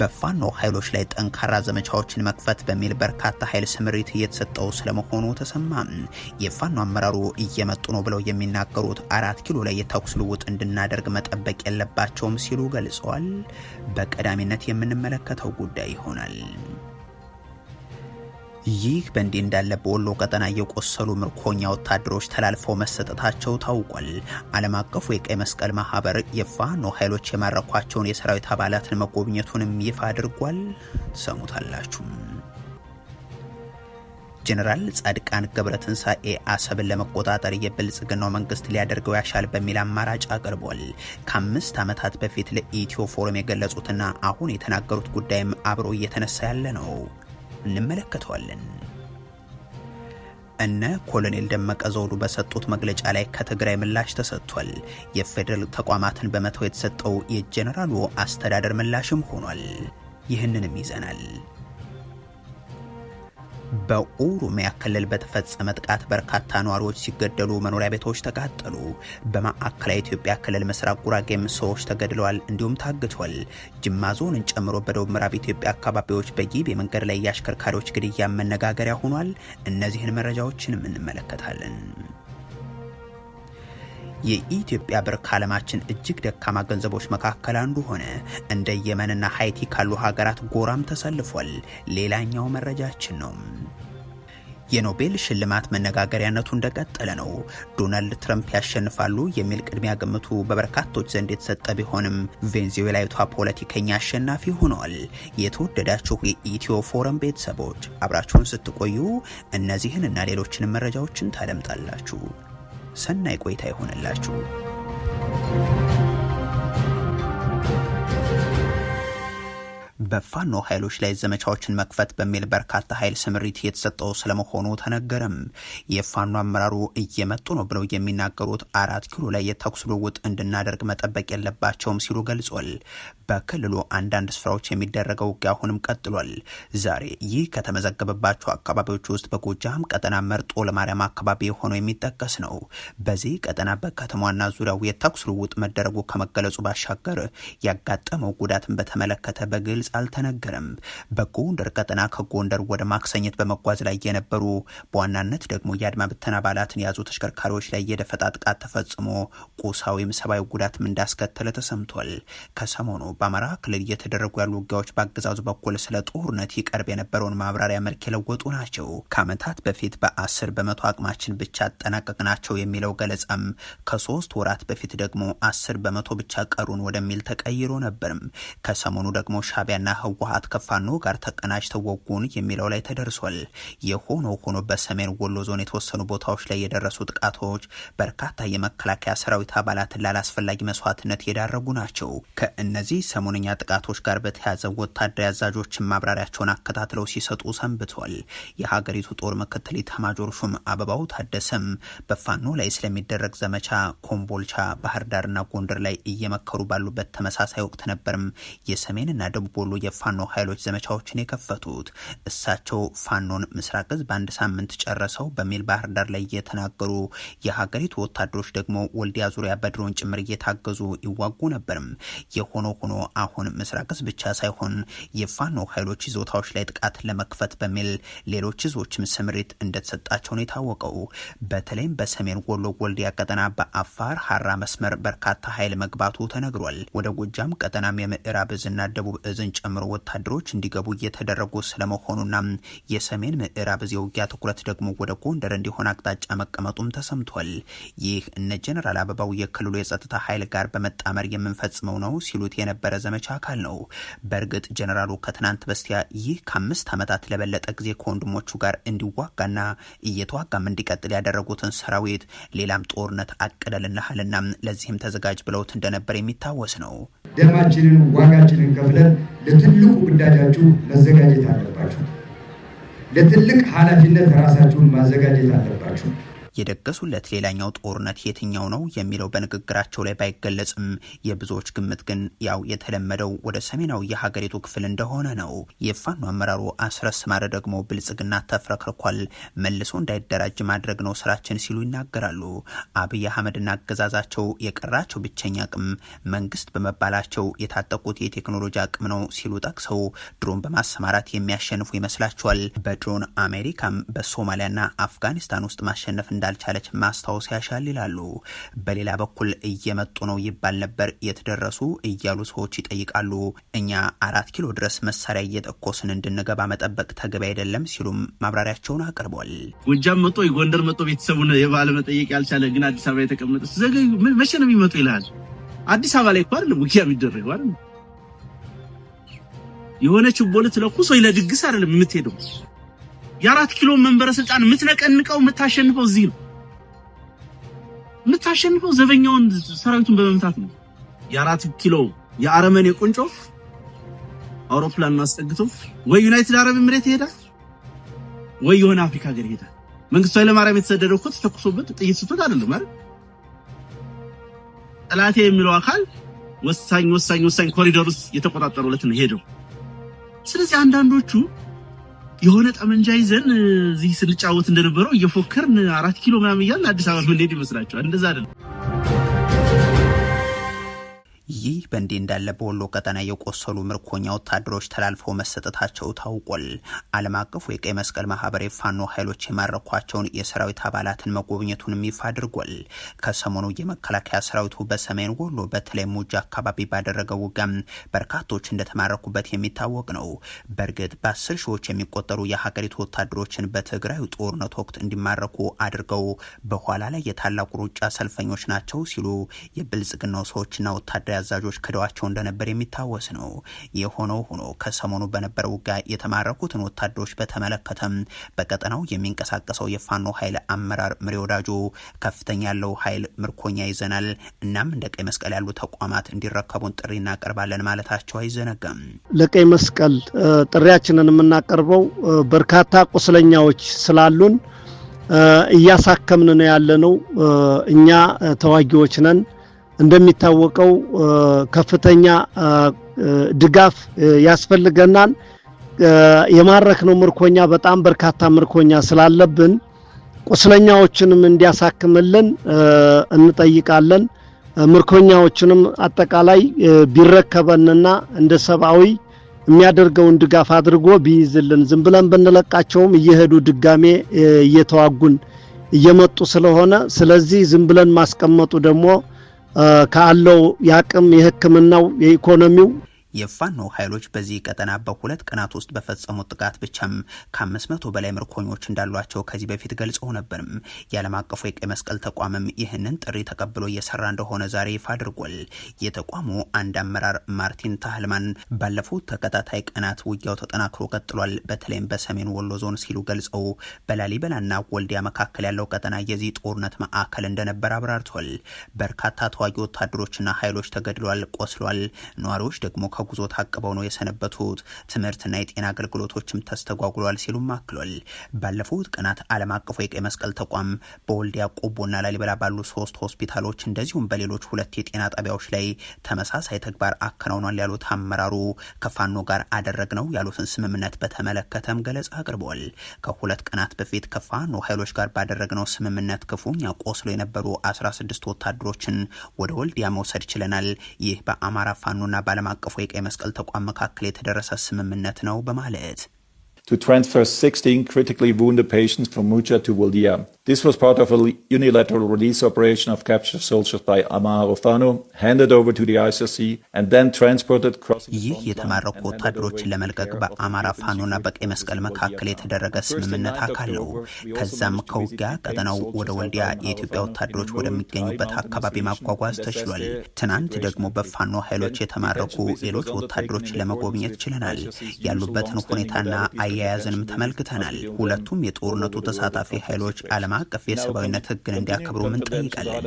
በፋኖ ኃይሎች ላይ ጠንካራ ዘመቻዎችን መክፈት በሚል በርካታ ኃይል ስምሪት እየተሰጠው ስለመሆኑ ተሰማ። የፋኖ አመራሩ እየመጡ ነው ብለው የሚናገሩት አራት ኪሎ ላይ የተኩስ ልውጥ እንድናደርግ መጠበቅ የለባቸውም ሲሉ ገልጸዋል። በቀዳሚነት የምንመለከተው ጉዳይ ይሆናል። ይህ በእንዲህ እንዳለ በወሎ ቀጠና የቆሰሉ ምርኮኛ ወታደሮች ተላልፈው መሰጠታቸው ታውቋል። ዓለም አቀፉ የቀይ መስቀል ማህበር የፋኖ ኃይሎች የማረኳቸውን የሰራዊት አባላትን መጎብኘቱንም ይፋ አድርጓል። ሰሙታላችሁ። ጀኔራል ጻድቃን ገብረትንሳኤ አሰብን ለመቆጣጠር የብልጽግናው መንግስት ሊያደርገው ያሻል በሚል አማራጭ አቅርቧል። ከአምስት ዓመታት በፊት ለኢትዮ ፎረም የገለጹትና አሁን የተናገሩት ጉዳይም አብሮ እየተነሳ ያለ ነው። እንመለከተዋለን። እነ ኮሎኔል ደመቀ ዘውዱ በሰጡት መግለጫ ላይ ከትግራይ ምላሽ ተሰጥቷል። የፌዴራል ተቋማትን በመተው የተሰጠው የጄኔራሉ አስተዳደር ምላሽም ሆኗል። ይህንንም ይዘናል። በኦሮሚያ ክልል በተፈጸመ ጥቃት በርካታ ነዋሪዎች ሲገደሉ መኖሪያ ቤቶች ተቃጠሉ። በማዕከላዊ ኢትዮጵያ ክልል ምስራቅ ጉራጌም ሰዎች ተገድለዋል፣ እንዲሁም ታግቷል። ጅማ ዞንን ጨምሮ በደቡብ ምዕራብ ኢትዮጵያ አካባቢዎች በጊቤ መንገድ ላይ የአሽከርካሪዎች ግድያ መነጋገሪያ ሆኗል። እነዚህን መረጃዎችንም እንመለከታለን። የኢትዮጵያ ብር ከዓለማችን እጅግ ደካማ ገንዘቦች መካከል አንዱ ሆነ። እንደ የመንና ሀይቲ ካሉ ሀገራት ጎራም ተሰልፏል። ሌላኛው መረጃችን ነው። የኖቤል ሽልማት መነጋገሪያነቱ እንደቀጠለ ነው። ዶናልድ ትረምፕ ያሸንፋሉ የሚል ቅድሚያ ግምቱ በበርካቶች ዘንድ የተሰጠ ቢሆንም ቬንዙዌላዊቷ ፖለቲከኛ አሸናፊ ሆነዋል። የተወደዳችሁ የኢትዮ ፎረም ቤተሰቦች አብራችሁን ስትቆዩ እነዚህን እና ሌሎችንም መረጃዎችን ታደምጣላችሁ። ሰናይ ቆይታ ይሆንላችሁ። በፋኖ ኃይሎች ላይ ዘመቻዎችን መክፈት በሚል በርካታ ኃይል ስምሪት የተሰጠው ስለመሆኑ ተነገረም። የፋኖ አመራሩ እየመጡ ነው ብለው የሚናገሩት አራት ኪሎ ላይ የተኩስ ልውውጥ እንድናደርግ መጠበቅ የለባቸውም ሲሉ ገልጿል። በክልሉ አንዳንድ ስፍራዎች የሚደረገው ውጊያ አሁንም ቀጥሏል። ዛሬ ይህ ከተመዘገበባቸው አካባቢዎች ውስጥ በጎጃም ቀጠና መርጦ ለማርያም አካባቢ ሆኖ የሚጠቀስ ነው። በዚህ ቀጠና በከተማና ዙሪያው የተኩስ ልውውጥ መደረጉ ከመገለጹ ባሻገር ያጋጠመው ጉዳትን በተመለከተ በግልጽ አልተነገረም። በጎንደር ቀጠና ከጎንደር ወደ ማክሰኘት በመጓዝ ላይ የነበሩ በዋናነት ደግሞ የአድማ ብተና አባላትን የያዙ ተሽከርካሪዎች ላይ የደፈጣ ጥቃት ተፈጽሞ ቁሳዊም ሰብአዊ ጉዳትም እንዳስከተለ ተሰምቷል። ከሰሞኑ በአማራ ክልል እየተደረጉ ያሉ ውጊያዎች በአገዛዙ በኩል ስለ ጦርነት ይቀርብ የነበረውን ማብራሪያ መልክ የለወጡ ናቸው። ከዓመታት በፊት በአስር በመቶ አቅማችን ብቻ አጠናቀቅ ናቸው የሚለው ገለጻም ከሶስት ወራት በፊት ደግሞ አስር በመቶ ብቻ ቀሩን ወደሚል ተቀይሮ ነበርም። ከሰሞኑ ደግሞ ሻቢያ ሻዕቢያና ህወሀት ከፋኖ ጋር ተቀናጅተው ወጉን የሚለው ላይ ተደርሷል። የሆኖ ሆኖ በሰሜን ወሎ ዞን የተወሰኑ ቦታዎች ላይ የደረሱ ጥቃቶች በርካታ የመከላከያ ሰራዊት አባላትን ላላስፈላጊ መስዋዕትነት የዳረጉ ናቸው። ከእነዚህ ሰሞነኛ ጥቃቶች ጋር በተያያዘ ወታደራዊ አዛዦችን ማብራሪያቸውን አከታትለው ሲሰጡ ሰንብቷል። የሀገሪቱ ጦር ምክትል ኢታማጆር ሹም አበባው ታደሰም በፋኖ ላይ ስለሚደረግ ዘመቻ ኮምቦልቻ፣ ባህር ዳርና ጎንደር ላይ እየመከሩ ባሉበት ተመሳሳይ ወቅት ነበርም የሰሜንና ደቡብ በወሎ የፋኖ ኃይሎች ዘመቻዎችን የከፈቱት እሳቸው ፋኖን ምስራቅ እዝ በአንድ ሳምንት ጨረሰው በሚል ባህር ዳር ላይ እየተናገሩ የሀገሪቱ ወታደሮች ደግሞ ወልዲያ ዙሪያ በድሮን ጭምር እየታገዙ ይዋጉ ነበርም። የሆኖ ሆኖ አሁን ምስራቅ እዝ ብቻ ሳይሆን የፋኖ ኃይሎች ይዞታዎች ላይ ጥቃት ለመክፈት በሚል ሌሎች እዞችም ስምሪት እንደተሰጣቸው ነው የታወቀው። በተለይም በሰሜን ወሎ ወልዲያ ቀጠና በአፋር ሀራ መስመር በርካታ ኃይል መግባቱ ተነግሯል። ወደ ጎጃም ቀጠናም የምዕራብ እዝና ደቡብ እዝን ፖሊስን ጨምሮ ወታደሮች እንዲገቡ እየተደረጉ ስለመሆኑና የሰሜን ምዕራብ እዚህ ውጊያ ትኩረት ደግሞ ወደ ጎንደር እንዲሆን አቅጣጫ መቀመጡም ተሰምቷል። ይህ እነ ጀኔራል አበባው የክልሉ የጸጥታ ኃይል ጋር በመጣመር የምንፈጽመው ነው ሲሉት የነበረ ዘመቻ አካል ነው። በእርግጥ ጀኔራሉ ከትናንት በስቲያ ይህ ከአምስት ዓመታት ለበለጠ ጊዜ ከወንድሞቹ ጋር እንዲዋጋና እየተዋጋም እንዲቀጥል ያደረጉትን ሰራዊት ሌላም ጦርነት አቅደልናሃልና ለዚህም ተዘጋጅ ብለውት እንደነበር የሚታወስ ነው። ደማችንን ዋጋችንን ከፍለን ለትልቁ ግዳጃችሁ መዘጋጀት አለባችሁ። ለትልቅ ኃላፊነት ራሳችሁን ማዘጋጀት አለባችሁ። የደገሱለት ሌላኛው ጦርነት የትኛው ነው የሚለው በንግግራቸው ላይ ባይገለጽም የብዙዎች ግምት ግን ያው የተለመደው ወደ ሰሜናዊ የሀገሪቱ ክፍል እንደሆነ ነው። የፋኖ አመራሩ አስረስ ማረ ደግሞ ብልጽግና ተፍረክርኳል፣ መልሶ እንዳይደራጅ ማድረግ ነው ስራችን ሲሉ ይናገራሉ። አብይ አህመድና አገዛዛቸው የቀራቸው ብቸኛ አቅም መንግስት በመባላቸው የታጠቁት የቴክኖሎጂ አቅም ነው ሲሉ ጠቅሰው ድሮን በማሰማራት የሚያሸንፉ ይመስላቸዋል። በድሮን አሜሪካም በሶማሊያና አፍጋኒስታን ውስጥ ማሸነፍ እንዳልቻለች ማስታወስ ያሻል ይላሉ። በሌላ በኩል እየመጡ ነው ይባል ነበር የተደረሱ እያሉ ሰዎች ይጠይቃሉ። እኛ አራት ኪሎ ድረስ መሳሪያ እየጠኮስን እንድንገባ መጠበቅ ተገቢ አይደለም ሲሉም ማብራሪያቸውን አቅርቧል። ጎጃም መጦ የጎንደር መጦ ቤተሰቡን የባለ መጠየቅ ያልቻለ ግን አዲስ አበባ የተቀመጠ ዘገዩ መቼ ነው የሚመጡ ይልሃል። አዲስ አበባ ላይ እኮ አይደለም ውጊያ የሚደረገው አይደለም የሆነ ችቦ ልትለኩስ ወይ ለድግስ አይደለም የምትሄደው የአራት ኪሎ መንበረ ስልጣን የምትነቀንቀው የምታሸንፈው እዚህ ነው። የምታሸንፈው ዘበኛውን ሰራዊቱን በመምታት ነው። የአራት ኪሎ የአረመኔ ቁንጮ አውሮፕላን አስጠግቶ ወይ ዩናይትድ አረብ ኤምሬት ይሄዳል ወይ የሆነ አፍሪካ ሀገር ይሄዳል። መንግስቱ ኃይለማርያም የተሰደደው እኮ ተተኩሶበት ጥይት ስቶት አይደለም አይደል? ጠላቴ የሚለው አካል ወሳኝ ወሳኝ ወሳኝ ኮሪደር ውስጥ የተቆጣጠሩለት ነው ሄደው። ስለዚህ አንዳንዶቹ የሆነ ጠመንጃ ይዘን እዚህ ስንጫወት እንደነበረው እየፎከርን አራት ኪሎ ምናምን እያልን አዲስ አበባ ምንሄድ ይመስላቸዋል። እንደዛ አይደለም። ይህ በእንዲህ እንዳለ በወሎ ቀጠና የቆሰሉ ምርኮኛ ወታደሮች ተላልፈው መሰጠታቸው ታውቋል። ዓለም አቀፉ የቀይ መስቀል ማህበር የፋኖ ኃይሎች የማረኳቸውን የሰራዊት አባላትን መጎብኘቱንም ይፋ አድርጓል። ከሰሞኑ የመከላከያ ሰራዊቱ በሰሜን ወሎ በተለይ ሙጅ አካባቢ ባደረገው ውጋም በርካቶች እንደተማረኩበት የሚታወቅ ነው። በእርግጥ በአስር ሺዎች የሚቆጠሩ የሀገሪቱ ወታደሮችን በትግራዩ ጦርነት ወቅት እንዲማረኩ አድርገው በኋላ ላይ የታላቁ ሩጫ ሰልፈኞች ናቸው ሲሉ የብልጽግናው ሰዎችና ወታደር አዛዦች ክደዋቸው እንደነበር የሚታወስ ነው። የሆነው ሆኖ ከሰሞኑ በነበረ ውጊያ የተማረኩትን ወታደሮች በተመለከተም በቀጠናው የሚንቀሳቀሰው የፋኖ ኃይል አመራር ምሪ ወዳጆ ከፍተኛ ያለው ኃይል ምርኮኛ ይዘናል፣ እናም እንደ ቀይ መስቀል ያሉ ተቋማት እንዲረከቡን ጥሪ እናቀርባለን ማለታቸው አይዘነጋም። ለቀይ መስቀል ጥሪያችንን የምናቀርበው በርካታ ቁስለኛዎች ስላሉን እያሳከምን ነው ያለነው። እኛ ተዋጊዎች ነን። እንደሚታወቀው ከፍተኛ ድጋፍ ያስፈልገናል። ነው ምርኮኛ በጣም በርካታ ምርኮኛ ስላለብን ቁስለኛዎችንም እንዲያሳክምልን እንጠይቃለን። ምርኮኛዎችንም አጠቃላይ ቢረከበንና እንደ ሰብአዊ የሚያደርገውን ድጋፍ አድርጎ ቢይዝልን ዝም ብለን ብንለቃቸውም እየሄዱ ድጋሜ እየተዋጉን እየመጡ ስለሆነ ስለዚህ ዝም ብለን ማስቀመጡ ደግሞ ካለው የአቅም የሕክምናው የኢኮኖሚው የፋኖ ኃይሎች በዚህ ቀጠና በሁለት ቀናት ውስጥ በፈጸሙት ጥቃት ብቻም ከአምስት መቶ በላይ ምርኮኞች እንዳሏቸው ከዚህ በፊት ገልጸው ነበርም። የዓለም አቀፉ የቀይ መስቀል ተቋምም ይህንን ጥሪ ተቀብሎ እየሰራ እንደሆነ ዛሬ ይፋ አድርጓል። የተቋሙ አንድ አመራር ማርቲን ታህልማን ባለፉት ተከታታይ ቀናት ውጊያው ተጠናክሮ ቀጥሏል፣ በተለይም በሰሜን ወሎ ዞን ሲሉ ገልጸው በላሊበላና ወልዲያ መካከል ያለው ቀጠና የዚህ ጦርነት ማዕከል እንደነበር አብራርቷል። በርካታ ተዋጊ ወታደሮችና ኃይሎች ተገድለል ቆስለል ነዋሪዎች ደግሞ ከ ከጉዞ ታቅበው ነው የሰነበቱት። ትምህርትና የጤና አገልግሎቶችም ተስተጓጉሏል ሲሉም አክሏል። ባለፉት ቀናት ዓለም አቀፉ የቀይ መስቀል ተቋም በወልዲያ ቆቦና ላሊበላ ባሉ ሶስት ሆስፒታሎች እንደዚሁም በሌሎች ሁለት የጤና ጣቢያዎች ላይ ተመሳሳይ ተግባር አከናውኗል ያሉት አመራሩ ከፋኖ ጋር አደረግነው ያሉትን ስምምነት በተመለከተም ገለጻ አቅርበዋል። ከሁለት ቀናት በፊት ከፋኖ ኃይሎች ጋር ባደረግነው ስምምነት ክፉኛ ቆስሎ የነበሩ 16 ወታደሮችን ወደ ወልዲያ መውሰድ ችለናል። ይህ በአማራ ፋኖና በዓለም አቀፉ የቀይ መስቀል ተቋም መካከል የተደረሰ ስምምነት ነው በማለት to transfer 16 critically wounded patients from Mucha to Wuldia, This was part of a unilateral release operation of captured soldiers by Amar Rufano, handed over to the ICC and then transported crossing ይህ የተማረኩ ወታደሮችን ለመልቀቅ በአማራ ፋኖና በቀይ መስቀል መካከል የተደረገ ስምምነት አካል ነው። ከዛም ከውጊያ ቀጠናው ወደ ወልዲያ የኢትዮጵያ ወታደሮች ወደሚገኙበት አካባቢ ማጓጓዝ ተችሏል። ትናንት ደግሞ በፋኖ ኃይሎች የተማረኩ ሌሎች ወታደሮችን ለመጎብኘት ችለናል። ያሉበትን ሁኔታና አይ አያያዝንም ተመልክተናል። ሁለቱም የጦርነቱ ተሳታፊ ኃይሎች ዓለም አቀፍ የሰብአዊነት ሕግን እንዲያከብሩም እንጠይቃለን።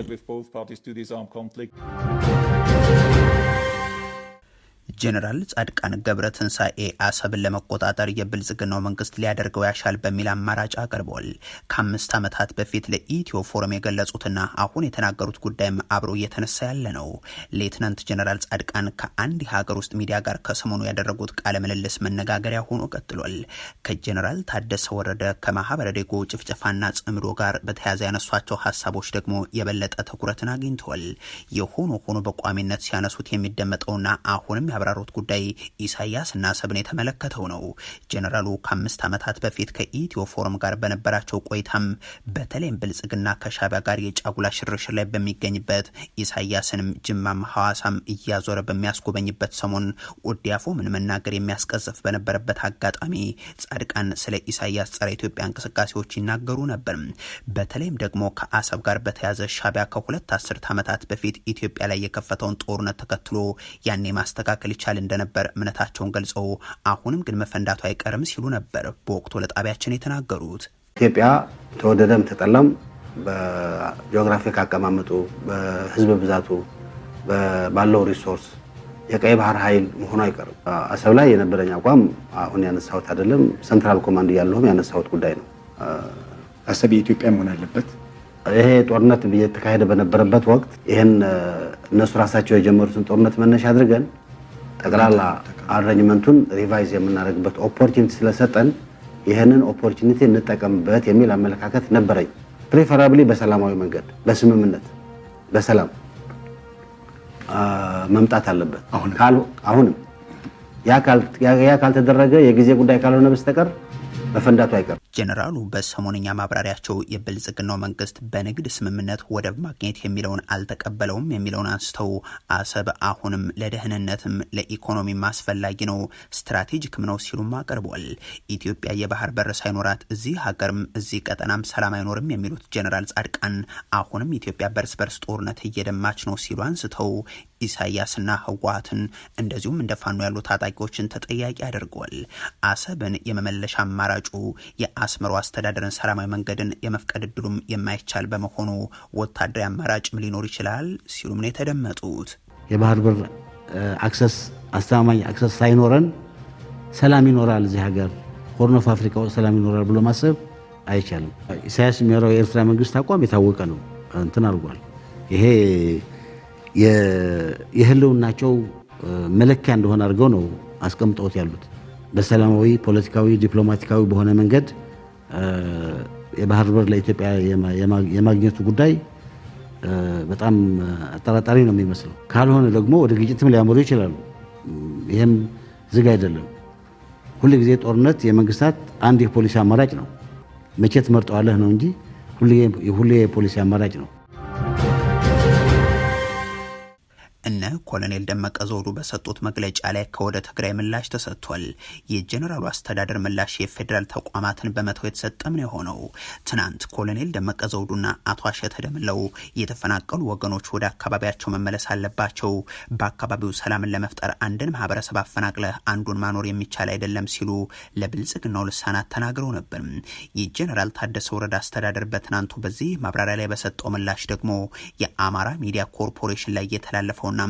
ጀኔራል ጻድቃን ገብረ ትንሣኤ አሰብን ለመቆጣጠር የብልጽግናው መንግስት ሊያደርገው ያሻል በሚል አማራጭ አቅርቧል። ከአምስት ዓመታት በፊት ለኢትዮ ፎረም የገለጹትና አሁን የተናገሩት ጉዳይም አብሮ እየተነሳ ያለ ነው። ሌትናንት ጀኔራል ጻድቃን ከአንድ የሀገር ውስጥ ሚዲያ ጋር ከሰሞኑ ያደረጉት ቃለ ምልልስ መነጋገሪያ ሆኖ ቀጥሏል። ከጀኔራል ታደሰ ወረደ ከማህበረ ዴጎ ጭፍጨፋና ጽምዶ ጋር በተያያዘ ያነሷቸው ሀሳቦች ደግሞ የበለጠ ትኩረትን አግኝተዋል። የሆኖ ሆኖ በቋሚነት ሲያነሱት የሚደመጠውና አሁንም ያብራሩት ጉዳይ ኢሳያስና አሰብን የተመለከተው ነው። ጀነራሉ ከአምስት ዓመታት በፊት ከኢትዮ ፎረም ጋር በነበራቸው ቆይታም በተለይም ብልጽግና ከሻቢያ ጋር የጫጉላ ሽርሽር ላይ በሚገኝበት ኢሳያስንም ጅማም ሐዋሳም እያዞረ በሚያስጎበኝበት ሰሞን ወዲያፎ ምን መናገር የሚያስቀዘፍ በነበረበት አጋጣሚ ጻድቃን ስለ ኢሳያስ ጸረ ኢትዮጵያ እንቅስቃሴዎች ይናገሩ ነበር። በተለይም ደግሞ ከአሰብ ጋር በተያዘ ሻቢያ ከሁለት አስርት ዓመታት በፊት ኢትዮጵያ ላይ የከፈተውን ጦርነት ተከትሎ ያኔ ማስተካከል ይቻል እንደነበር እምነታቸውን ገልጸው አሁንም ግን መፈንዳቱ አይቀርም ሲሉ ነበር በወቅቱ ለጣቢያችን የተናገሩት። ኢትዮጵያ ተወደደም ተጠላም በጂኦግራፊክ አቀማመጡ፣ በህዝብ ብዛቱ፣ ባለው ሪሶርስ የቀይ ባህር ኃይል መሆኑ አይቀርም። አሰብ ላይ የነበረኝ አቋም አሁን ያነሳሁት አይደለም፣ ሰንትራል ኮማንድ እያለሁም ያነሳሁት ጉዳይ ነው። አሰብ የኢትዮጵያ መሆን አለበት። ይሄ ጦርነት እየተካሄደ በነበረበት ወቅት ይህን እነሱ ራሳቸው የጀመሩትን ጦርነት መነሻ አድርገን ጠቅላላ አረንጅመንቱን ሪቫይዝ የምናደርግበት ኦፖርቹኒቲ ስለሰጠን ይህንን ኦፖርቹኒቲ እንጠቀምበት የሚል አመለካከት ነበረኝ። ፕሪፈራብሊ በሰላማዊ መንገድ በስምምነት በሰላም መምጣት አለበት። አሁንም ያ ካልተደረገ የጊዜ ጉዳይ ካልሆነ በስተቀር መፈንዳቱ አይቀርም። ጄኔራሉ በሰሞነኛ ማብራሪያቸው የብልጽግናው መንግስት በንግድ ስምምነት ወደብ ማግኘት የሚለውን አልተቀበለውም የሚለውን አንስተው አሰብ አሁንም ለደህንነትም ለኢኮኖሚም አስፈላጊ ነው፣ ስትራቴጂክም ነው ሲሉም አቅርቧል። ኢትዮጵያ የባህር በር ሳይኖራት እዚህ ሀገርም እዚህ ቀጠናም ሰላም አይኖርም የሚሉት ጄኔራል ጻድቃን አሁንም ኢትዮጵያ በርስ በርስ ጦርነት እየደማች ነው ሲሉ አንስተው ኢሳያስና ህወሀትን እንደዚሁም እንደ ፋኖ ያሉ ታጣቂዎችን ተጠያቂ አድርጓል። አሰብን የመመለሻ አማራጩ የአስመሮ አስተዳደርን ሰላማዊ መንገድን የመፍቀድ እድሉም የማይቻል በመሆኑ ወታደራዊ አማራጭም ሊኖር ይችላል ሲሉም ነው የተደመጡት። የባህር በር አክሰስ አስተማማኝ አክሰስ ሳይኖረን ሰላም ይኖራል እዚህ ሀገር ሆርን ኦፍ አፍሪካ ውስጥ ሰላም ይኖራል ብሎ ማሰብ አይቻልም። ኢሳያስ የሚኖረው የኤርትራ መንግስት አቋም የታወቀ ነው። እንትን አድርጓል ይሄ የህልውናቸው መለኪያ እንደሆነ አድርገው ነው አስቀምጠውት ያሉት። በሰላማዊ ፖለቲካዊ፣ ዲፕሎማቲካዊ በሆነ መንገድ የባህር በር ለኢትዮጵያ የማግኘቱ ጉዳይ በጣም አጠራጣሪ ነው የሚመስለው። ካልሆነ ደግሞ ወደ ግጭትም ሊያመሩ ይችላሉ። ይህም ዝግ አይደለም። ሁልጊዜ ጦርነት የመንግስታት አንድ የፖሊሲ አማራጭ ነው። መቼ ትመርጠዋለህ ነው እንጂ ሁሌ የፖሊሲ አማራጭ ነው። ኮሎኔል ደመቀ ዘውዱ በሰጡት መግለጫ ላይ ከወደ ትግራይ ምላሽ ተሰጥቷል። የጀኔራሉ አስተዳደር ምላሽ የፌዴራል ተቋማትን በመተው የተሰጠም ነው የሆነው። ትናንት ኮሎኔል ደመቀ ዘውዱና አቶ አሸተ ደምለው የተፈናቀሉ ወገኖች ወደ አካባቢያቸው መመለስ አለባቸው፣ በአካባቢው ሰላምን ለመፍጠር አንድን ማህበረሰብ አፈናቅለህ አንዱን ማኖር የሚቻል አይደለም ሲሉ ለብልጽግናው ልሳናት ተናግረው ነበር። የጀኔራል ታደሰ ወረዳ አስተዳደር በትናንቱ በዚህ ማብራሪያ ላይ በሰጠው ምላሽ ደግሞ የአማራ ሚዲያ ኮርፖሬሽን ላይ የተላለፈውና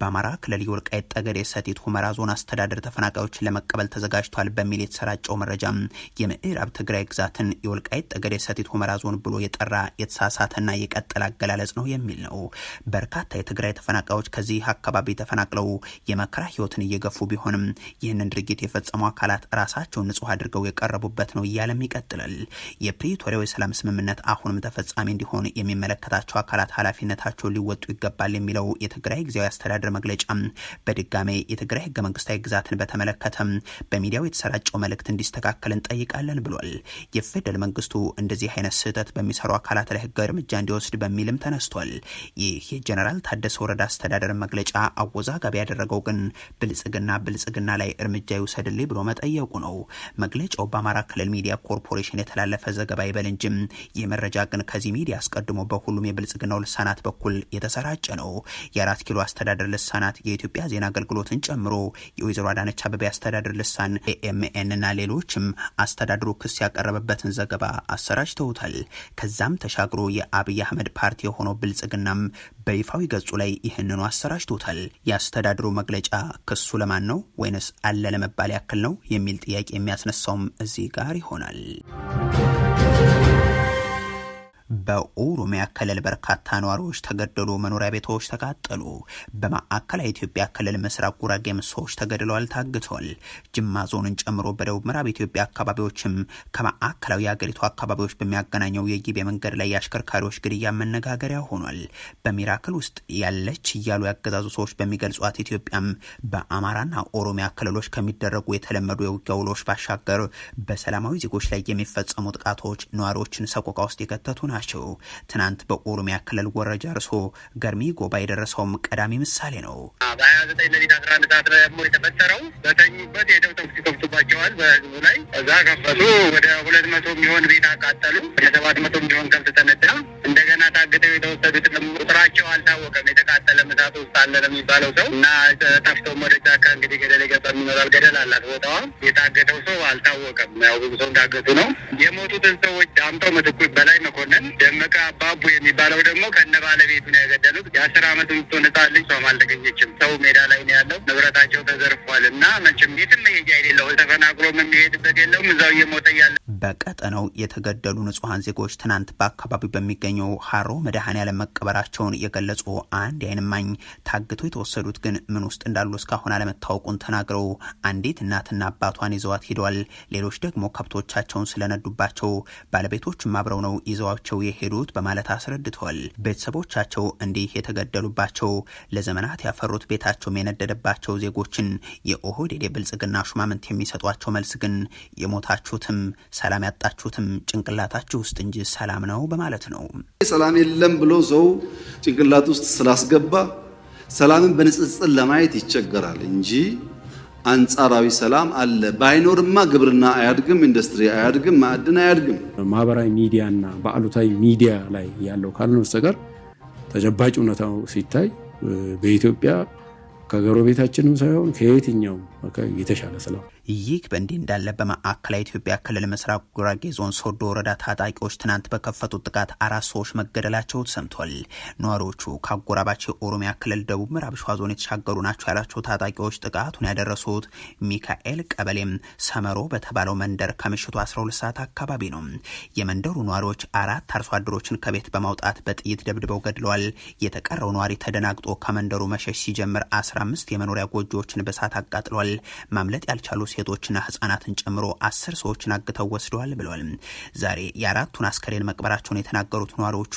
በአማራ ክልል የወልቃይት ጠገዴ ሰቲት ሁመራ ዞን አስተዳደር ተፈናቃዮችን ለመቀበል ተዘጋጅቷል በሚል የተሰራጨው መረጃ የምዕራብ ትግራይ ግዛትን የወልቃይት ጠገዴ ሰቲት ሁመራ ዞን ብሎ የጠራ የተሳሳተና የቀጠለ አገላለጽ ነው የሚል ነው። በርካታ የትግራይ ተፈናቃዮች ከዚህ አካባቢ ተፈናቅለው የመከራ ህይወትን እየገፉ ቢሆንም ይህንን ድርጊት የፈጸሙ አካላት ራሳቸውን ንጹህ አድርገው የቀረቡበት ነው እያለም ይቀጥላል። የፕሪቶሪያው የሰላም ስምምነት አሁንም ተፈጻሚ እንዲሆን የሚመለከታቸው አካላት ኃላፊነታቸውን ሊወጡ ይገባል የሚለው የትግራይ ጊዜያዊ አስተዳደር መግለጫ በድጋሜ የትግራይ ህገ መንግስታዊ ግዛትን በተመለከተ በሚዲያው የተሰራጨው መልእክት እንዲስተካከል እንጠይቃለን ብሏል። የፌደራል መንግስቱ እንደዚህ አይነት ስህተት በሚሰሩ አካላት ላይ ህጋዊ እርምጃ እንዲወስድ በሚልም ተነስቷል። ይህ የጀነራል ታደሰ ወረዳ አስተዳደር መግለጫ አወዛጋቢ ያደረገው ግን ብልጽግና ብልጽግና ላይ እርምጃ ይውሰድልኝ ብሎ መጠየቁ ነው። መግለጫው በአማራ ክልል ሚዲያ ኮርፖሬሽን የተላለፈ ዘገባ ይበል እንጂም የመረጃ ግን ከዚህ ሚዲያ አስቀድሞ በሁሉም የብልጽግናው ልሳናት በኩል የተሰራጨ ነው። የአራት ኪሎ የአስተዳደር ልሳናት የኢትዮጵያ ዜና አገልግሎትን ጨምሮ የወይዘሮ አዳነች አበቤ አስተዳደር ልሳን ኤኤምኤን እና ሌሎችም አስተዳድሩ ክስ ያቀረበበትን ዘገባ አሰራጭተውታል። ከዛም ተሻግሮ የአብይ አህመድ ፓርቲ የሆነው ብልጽግናም በይፋዊ ገጹ ላይ ይህንኑ አሰራጭቶታል። የአስተዳድሩ መግለጫ ክሱ ለማን ነው ወይንስ አለ ለመባል ያክል ነው የሚል ጥያቄ የሚያስነሳውም እዚህ ጋር ይሆናል። በኦሮሚያ ክልል በርካታ ነዋሪዎች ተገደሉ፣ መኖሪያ ቤቶች ተቃጠሉ። በማዕከላዊ ኢትዮጵያ ክልል ምስራቅ ጉራጌም ሰዎች ተገድለዋል፣ ታግቷል። ጅማ ዞንን ጨምሮ በደቡብ ምዕራብ ኢትዮጵያ አካባቢዎችም ከማዕከላዊ የአገሪቱ አካባቢዎች በሚያገናኘው የጊቤ መንገድ ላይ የአሽከርካሪዎች ግድያ መነጋገሪያ ሆኗል። በሚራክል ውስጥ ያለች እያሉ ያገዛዙ ሰዎች በሚገልጿት ኢትዮጵያም በአማራና ኦሮሚያ ክልሎች ከሚደረጉ የተለመዱ የውጊያ ውሎች ባሻገር በሰላማዊ ዜጎች ላይ የሚፈጸሙ ጥቃቶች ነዋሪዎችን ሰቆቃ ውስጥ የከተቱ ናቸው። ናቸው። ትናንት በኦሮሚያ ክልል ወረጃ እርሶ ገርሚ ጎባ የደረሰውም ቀዳሚ ምሳሌ ነው። በሀያ ዘጠኝ ለሊት አስራ አንድ ሰዓት ላይ ደግሞ የተፈጠረው በተኙበት ሄደው ተኩስ ከፍቱባቸዋል በህዝቡ ላይ እዛ ከፈቱ። ወደ ሁለት መቶ የሚሆን ቤት አቃጠሉ። ወደ ሰባት መቶ የሚሆን ከብት ተነዳ። እንደገና ታግተው የተወሰዱት ቁጥራቸው አልታወቀም። የተቃጠለ እሳት ውስጥ አለ ለሚባለው ሰው እና ጠፍቶም ወደ ጫካ እንግዲህ ገደል የገባ የሚኖራል ገደል አላት ቦታዋ። የታገተው ሰው አልታወቀም። ያው ብዙ ሰው እንዳገቱ ነው። የሞቱትን ሰዎች አምጠው ምትኩ በላይ መኮንን አባቡ የሚባለው ደግሞ ከነ ባለቤቱ ነው የገደሉት። የአስር አመት የምትሆን ነጻ ልጅ ሰው አልተገኘችም። ሰው ሜዳ ላይ መቼም የትም መሄጃ የሌለው ተፈናቅሎ የሚሄድበት የለውም። እዛው እየሞተ እያለ በቀጠናው የተገደሉ ንጹሐን ዜጎች ትናንት በአካባቢው በሚገኘው ሀሮ መድኃኔዓለም መቀበራቸውን የገለጹ አንድ የዓይን እማኝ ታግተው የተወሰዱት ግን ምን ውስጥ እንዳሉ እስካሁን አለመታወቁን ተናግረው አንዲት እናትና አባቷን ይዘዋት ሂደዋል። ሌሎች ደግሞ ከብቶቻቸውን ስለነዱባቸው ባለቤቶችም አብረው ነው ይዘዋቸው የሄዱት በማለት አስረድተዋል። ቤተሰቦቻቸው እንዲህ የተገደሉባቸው ለዘመናት ያፈሩት ቤታቸውም የነደደባቸው ዜጎችን የኦህ የኦህዴድ የብልጽግና ሹማምንት የሚሰጧቸው መልስ ግን የሞታችሁትም ሰላም ያጣችሁትም ጭንቅላታችሁ ውስጥ እንጂ ሰላም ነው በማለት ነው። ሰላም የለም ብሎ ሰው ጭንቅላት ውስጥ ስላስገባ ሰላምን በንጽጽር ለማየት ይቸገራል እንጂ አንጻራዊ ሰላም አለ። ባይኖርማ ግብርና አያድግም፣ ኢንዱስትሪ አያድግም፣ ማዕድን አያድግም። ማህበራዊ ሚዲያና በአሉታዊ ሚዲያ ላይ ያለው ካልሆነ በስተቀር ተጨባጭ እውነታው ሲታይ በኢትዮጵያ ቤታችንም ሳይሆን ከየትኛውም የተሻለ ስለው ይህ በእንዲህ እንዳለ በማዕከላዊ ኢትዮጵያ ክልል ምስራቅ ጉራጌ ዞን ሶዶ ወረዳ ታጣቂዎች ትናንት በከፈቱት ጥቃት አራት ሰዎች መገደላቸው ተሰምቷል። ነዋሪዎቹ ከአጎራባቸው የኦሮሚያ ክልል ደቡብ ምዕራብ ሸዋ ዞን የተሻገሩ ናቸው ያላቸው ታጣቂዎች ጥቃቱን ያደረሱት ሚካኤል ቀበሌም ሰመሮ በተባለው መንደር ከምሽቱ 12 ሰዓት አካባቢ ነው። የመንደሩ ነዋሪዎች አራት አርሶ አደሮችን ከቤት በማውጣት በጥይት ደብድበው ገድለዋል። የተቀረው ነዋሪ ተደናግጦ ከመንደሩ መሸሽ ሲጀምር 15 የመኖሪያ ጎጆዎችን በሳት አቃጥሏል። ማምለጥ ያልቻሉ ሴቶችና ህጻናትን ጨምሮ አስር ሰዎችን አግተው ወስደዋል ብለዋል። ዛሬ የአራቱን አስከሬን መቅበራቸውን የተናገሩት ነዋሪዎቹ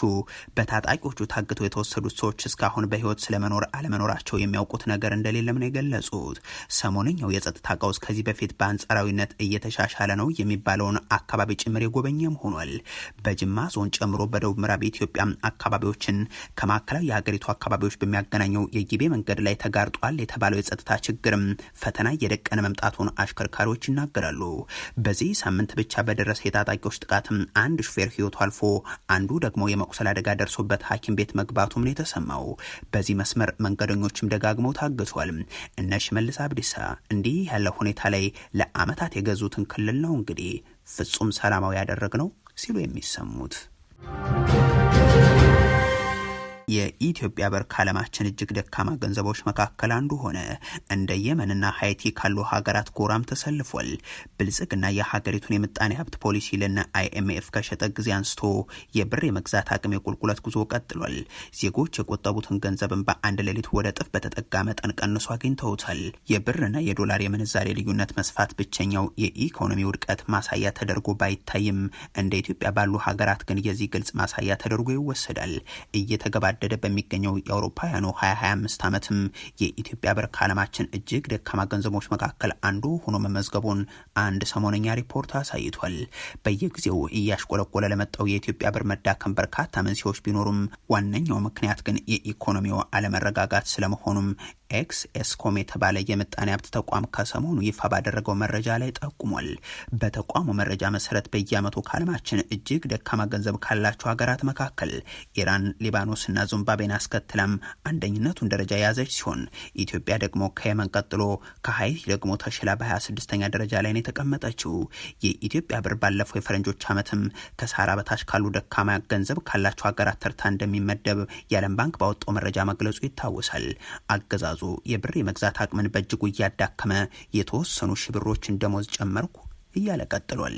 በታጣቂዎቹ ታግተው የተወሰዱት ሰዎች እስካሁን በህይወት ስለመኖር አለመኖራቸው የሚያውቁት ነገር እንደሌለም ነው የገለጹት። ሰሞነኛው የጸጥታ ቀውስ ከዚህ በፊት በአንጻራዊነት እየተሻሻለ ነው የሚባለውን አካባቢ ጭምር የጎበኘም ሆኗል። በጅማ ዞን ጨምሮ በደቡብ ምዕራብ ኢትዮጵያ አካባቢዎችን ከማዕከላዊ የሀገሪቱ አካባቢዎች በሚያገናኘው የጊቤ መንገድ ላይ ተጋርጧል የተባለው የጸጥታ ችግርም ፈተና እየደቀነ መምጣቱን አሽከርካሪዎች ይናገራሉ። በዚህ ሳምንት ብቻ በደረሰ የታጣቂዎች ጥቃትም አንድ ሹፌር ህይወቱ አልፎ አንዱ ደግሞ የመቁሰል አደጋ ደርሶበት ሐኪም ቤት መግባቱም ነው የተሰማው። በዚህ መስመር መንገደኞችም ደጋግመው ታግቷል። እነ ሽመልስ አብዲሳ እንዲህ ያለ ሁኔታ ላይ ለአመታት የገዙትን ክልል ነው እንግዲህ ፍጹም ሰላማዊ ያደረግ ነው ሲሉ የሚሰሙት የኢትዮጵያ ብር ከዓለማችን እጅግ ደካማ ገንዘቦች መካከል አንዱ ሆነ። እንደ የመንና ሀይቲ ካሉ ሀገራት ጎራም ተሰልፏል። ብልጽግና የሀገሪቱን የምጣኔ ሀብት ፖሊሲ ልና አይኤምኤፍ ከሸጠ ጊዜ አንስቶ የብር የመግዛት አቅም የቁልቁለት ጉዞ ቀጥሏል። ዜጎች የቆጠቡትን ገንዘብን በአንድ ሌሊት ወደ ጥፍ በተጠጋ መጠን ቀንሶ አግኝተውታል። የብርና የዶላር የምንዛሬ ልዩነት መስፋት ብቸኛው የኢኮኖሚ ውድቀት ማሳያ ተደርጎ ባይታይም እንደ ኢትዮጵያ ባሉ ሀገራት ግን የዚህ ግልጽ ማሳያ ተደርጎ ይወሰዳል እየተገባ እየተገባደደ በሚገኘው የአውሮፓውያኑ 2025 ዓመትም የኢትዮጵያ ብር ከዓለማችን እጅግ ደካማ ገንዘቦች መካከል አንዱ ሆኖ መመዝገቡን አንድ ሰሞነኛ ሪፖርት አሳይቷል። በየጊዜው እያሽቆለቆለ ለመጣው የኢትዮጵያ ብር መዳከም በርካታ መንስኤዎች ቢኖሩም ዋነኛው ምክንያት ግን የኢኮኖሚው አለመረጋጋት ስለመሆኑም ኤክስ ኤስኮም የተባለ የምጣኔ ሀብት ተቋም ከሰሞኑ ይፋ ባደረገው መረጃ ላይ ጠቁሟል። በተቋሙ መረጃ መሰረት በየአመቱ ከዓለማችን እጅግ ደካማ ገንዘብ ካላቸው ሀገራት መካከል ኢራን፣ ሊባኖስና ዚምባብዌን አስከትላም አንደኝነቱን ደረጃ የያዘች ሲሆን ኢትዮጵያ ደግሞ ከየመን ቀጥሎ ከሀይቲ ደግሞ ተሽላ በ26ኛ ደረጃ ላይ ነው የተቀመጠችው። የኢትዮጵያ ብር ባለፈው የፈረንጆች ዓመትም ከሳራ በታች ካሉ ደካማ ገንዘብ ካላቸው ሀገራት ተርታ እንደሚመደብ የዓለም ባንክ ባወጣው መረጃ መግለጹ ይታወሳል። አገዛዙ አገዛዙ የብር የመግዛት አቅምን በእጅጉ እያዳከመ የተወሰኑ ሺህ ብሮችን ደሞዝ ጨመርኩ እያለ ቀጥሏል።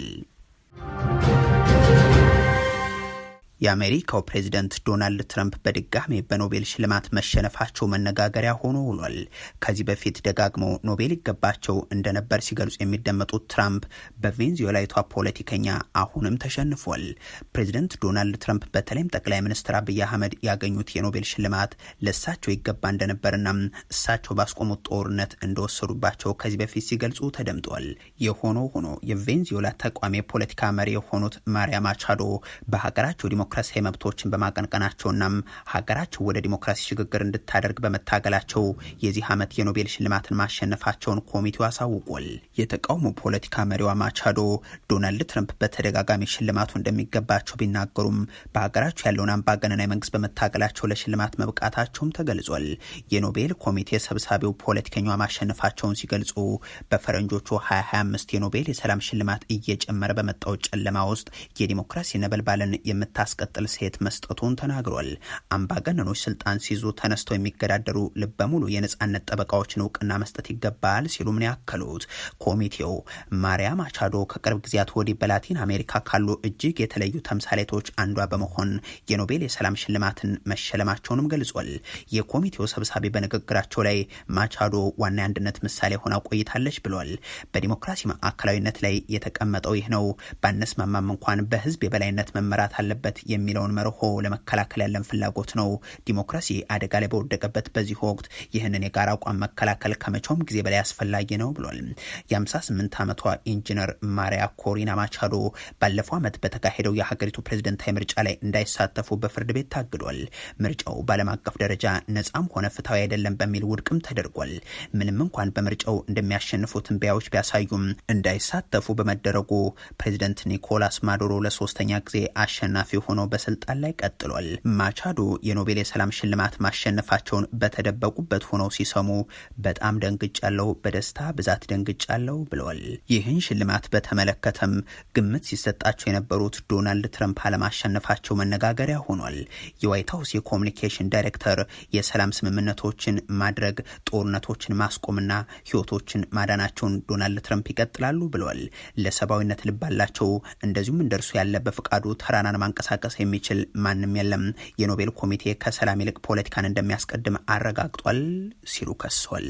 የአሜሪካው ፕሬዚደንት ዶናልድ ትራምፕ በድጋሜ በኖቤል ሽልማት መሸነፋቸው መነጋገሪያ ሆኖ ውሏል። ከዚህ በፊት ደጋግመው ኖቤል ይገባቸው እንደነበር ሲገልጹ የሚደመጡት ትራምፕ በቬንዙዌላዊቷ ፖለቲከኛ አሁንም ተሸንፏል። ፕሬዚደንት ዶናልድ ትራምፕ በተለይም ጠቅላይ ሚኒስትር አብይ አህመድ ያገኙት የኖቤል ሽልማት ለእሳቸው ይገባ እንደነበርና እሳቸው ባስቆሙት ጦርነት እንደወሰዱባቸው ከዚህ በፊት ሲገልጹ ተደምጧል። የሆኖ ሆኖ የቬንዙዌላ ተቋሚ የፖለቲካ መሪ የሆኑት ማሪያ ማቻዶ በሀገራቸው ዲሞክራሲያዊ መብቶችን በማቀንቀናቸውና ሀገራቸው ወደ ዲሞክራሲ ሽግግር እንድታደርግ በመታገላቸው የዚህ ዓመት የኖቤል ሽልማትን ማሸነፋቸውን ኮሚቴው አሳውቋል። የተቃውሞ ፖለቲካ መሪዋ ማቻዶ ዶናልድ ትረምፕ በተደጋጋሚ ሽልማቱ እንደሚገባቸው ቢናገሩም በሀገራቸው ያለውን አምባገነናዊ መንግስት በመታገላቸው ለሽልማት መብቃታቸውም ተገልጿል። የኖቤል ኮሚቴ ሰብሳቢው ፖለቲከኛዋ ማሸነፋቸውን ሲገልጹ በፈረንጆቹ 2025 የኖቤል የሰላም ሽልማት እየጨመረ በመጣው ጨለማ ውስጥ የዲሞክራሲ ነበልባልን የምታስ ለማስቀጠል ሴት መስጠቱን ተናግሯል። አምባገነኖች ስልጣን ሲይዙ ተነስተው የሚገዳደሩ ልበሙሉ የነጻነት ጠበቃዎችን እውቅና መስጠት ይገባል ሲሉም ነው ያከሉት። ኮሚቴው ማሪያ ማቻዶ ከቅርብ ጊዜያት ወዲህ በላቲን አሜሪካ ካሉ እጅግ የተለዩ ተምሳሌቶች አንዷ በመሆን የኖቤል የሰላም ሽልማትን መሸለማቸውንም ገልጿል። የኮሚቴው ሰብሳቢ በንግግራቸው ላይ ማቻዶ ዋና የአንድነት ምሳሌ ሆና ቆይታለች ብሏል። በዲሞክራሲ ማዕከላዊነት ላይ የተቀመጠው ይህ ነው። ባነስማማም እንኳን በህዝብ የበላይነት መመራት አለበት የሚለውን መርሆ ለመከላከል ያለን ፍላጎት ነው። ዲሞክራሲ አደጋ ላይ በወደቀበት በዚህ ወቅት ይህንን የጋራ አቋም መከላከል ከመቼውም ጊዜ በላይ አስፈላጊ ነው ብሏል። የ58 ዓመቷ ኢንጂነር ማሪያ ኮሪና ማቻዶ ባለፈው ዓመት በተካሄደው የሀገሪቱ ፕሬዝደንታዊ ምርጫ ላይ እንዳይሳተፉ በፍርድ ቤት ታግዷል። ምርጫው በዓለም አቀፍ ደረጃ ነጻም ሆነ ፍትሐዊ አይደለም በሚል ውድቅም ተደርጓል። ምንም እንኳን በምርጫው እንደሚያሸንፉ ትንበያዎች ቢያሳዩም እንዳይሳተፉ በመደረጉ ፕሬዝደንት ኒኮላስ ማዱሮ ለሶስተኛ ጊዜ አሸናፊ ሆ ሆነው በስልጣን ላይ ቀጥሏል። ማቻዶ የኖቤል የሰላም ሽልማት ማሸነፋቸውን በተደበቁበት ሆነው ሲሰሙ በጣም ደንግጫለው፣ በደስታ ብዛት ደንግጫለው ብለዋል። ይህን ሽልማት በተመለከተም ግምት ሲሰጣቸው የነበሩት ዶናልድ ትረምፕ አለማሸነፋቸው መነጋገሪያ ሆኗል። የዋይት ሀውስ የኮሚኒኬሽን ዳይሬክተር የሰላም ስምምነቶችን ማድረግ ጦርነቶችን ማስቆምና ህይወቶችን ማዳናቸውን ዶናልድ ትረምፕ ይቀጥላሉ ብለዋል። ለሰብአዊነት ልባላቸው እንደዚሁም እንደርሱ ያለ በፍቃዱ ተራናን ማንቀሳቀስ ሊንቀሳቀስ የሚችል ማንም የለም። የኖቤል ኮሚቴ ከሰላም ይልቅ ፖለቲካን እንደሚያስቀድም አረጋግጧል ሲሉ ከሷል።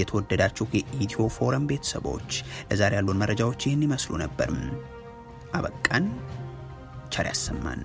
የተወደዳችሁ የኢትዮ ፎረም ቤተሰቦች ለዛሬ ያሉን መረጃዎች ይህን ይመስሉ ነበር። አበቃን። ቸር ያሰማን።